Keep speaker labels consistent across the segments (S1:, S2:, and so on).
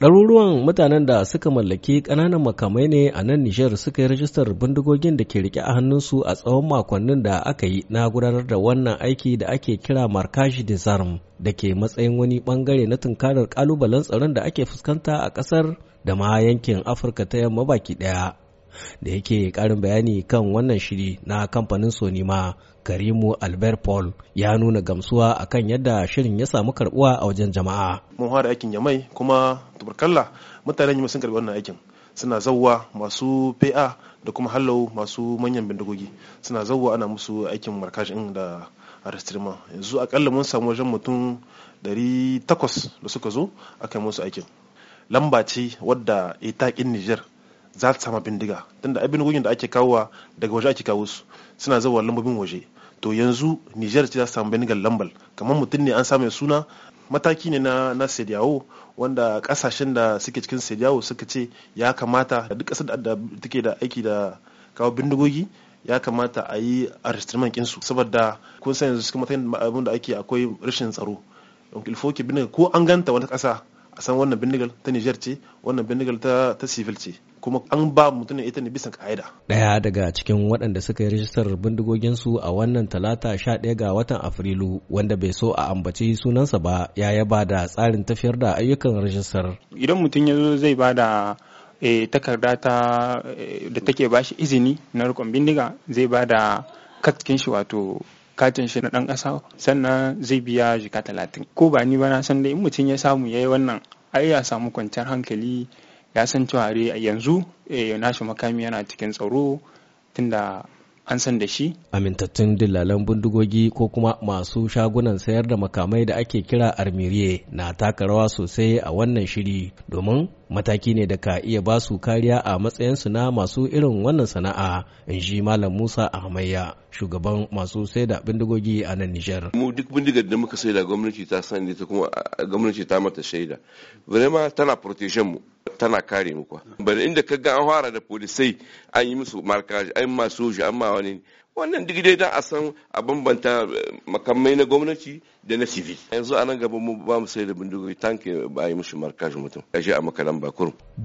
S1: Ɗaruruwan mutanen da suka mallaki ƙananan makamai ne a nan Nijar suka yi rajistar bindigogin da ke rike a hannunsu a tsawon makonnin da aka yi na gudanar da wannan aiki da ake kira markashi disarm da ke matsayin wani ɓangare na tunkarar ƙalubalen tsaron da ake fuskanta a ƙasar da ma yankin Afirka ta yamma baki ɗaya. da yake karin bayani kan wannan shiri na kamfanin ma karimu albert paul ya nuna gamsuwa akan yadda shirin ya samu karbuwa a wajen jama'a
S2: mun fara aikin yamai kuma tubarkalla mutanen yamai sun karbi wannan aikin suna zauwa masu pa da kuma hallau masu manyan bindigogi suna zauwa ana musu aikin markashin da arastirma yanzu akalla mun samu wajen mutum 800 da suka zo aka musu aikin lamba ce wadda kin niger za ta sama bindiga don da abin da ake kawowa daga waje ake kawo su suna zawa lambobin waje to yanzu nijar ce za ta sama bindigar lambal kamar mutum ne an samu suna mataki ne na na sediyawo wanda kasashen da suke cikin sediyawo suka ce ya kamata duk kasar da take da aiki da kawo bindigogi ya kamata a yi a kin kinsu saboda kun san yanzu cikin matakin abin da ake akwai rashin tsaro don bindiga ko an ganta wata kasa a san wannan bindigar ta nijar ce wannan bindigar ta civil ce kuma an ba mutum ita ne bisa ka'ida.
S1: Daya daga cikin waɗanda suka yi rijistar bindigoginsu a wannan talata sha 11 ga watan Afrilu wanda bai so a ambaci sunansa ba ya ba da tsarin tafiyar da ayyukan rijistar.
S3: Idan mutum ya zo zai ba da eh, takarda ta eh, da take ba shi izini na rikon bindiga zai ba da katkin shi wato katin shi na ɗan ƙasa sannan zai biya jika talatin ko ba ni ba na san dai in mutum ya samu ya yi wannan ai ya samu kwanciyar hankali ya san cewa a yanzu eh, nashi makami yana cikin tsaro tunda an san da
S1: shi. Amintattun dillalan bindigogi ko kuma masu shagunan sayar da makamai da ake kira armiriye na taka rawa sosai a wannan shiri domin mataki ne da ka iya ba su kariya a matsayinsu na masu irin wannan sana'a in ji malam musa ahmayya shugaban masu sai da bindigogi a nan nijar
S4: mu duk bindigar da muka sai da gwamnati ta sani ta kuma gwamnati ta mata shaida vraiment tana protection mu tana kare mu kuwa bari inda ka ga an fara da polisai an yi musu markaji an masu shi an ma wani wannan duk dai don a san a bambanta eh, makamai na gwamnati da na civil yanzu a nan gaba mu ba mu sai da bindigogi tanke ba yi mushi markashin mutum a makaran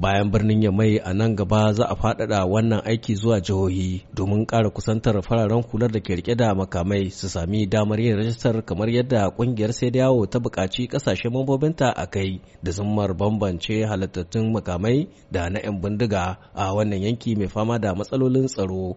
S1: bayan birnin yamai a nan gaba za a faɗaɗa wannan aiki zuwa jihohi domin ƙara kusantar fararen hular da ke rike da makamai su sami damar yin rajistar kamar yadda ƙungiyar sai yawo ta buƙaci ƙasashe mambobinta a kai da zummar bambance halittattun makamai da na 'yan bindiga a wannan yanki mai fama da matsalolin tsaro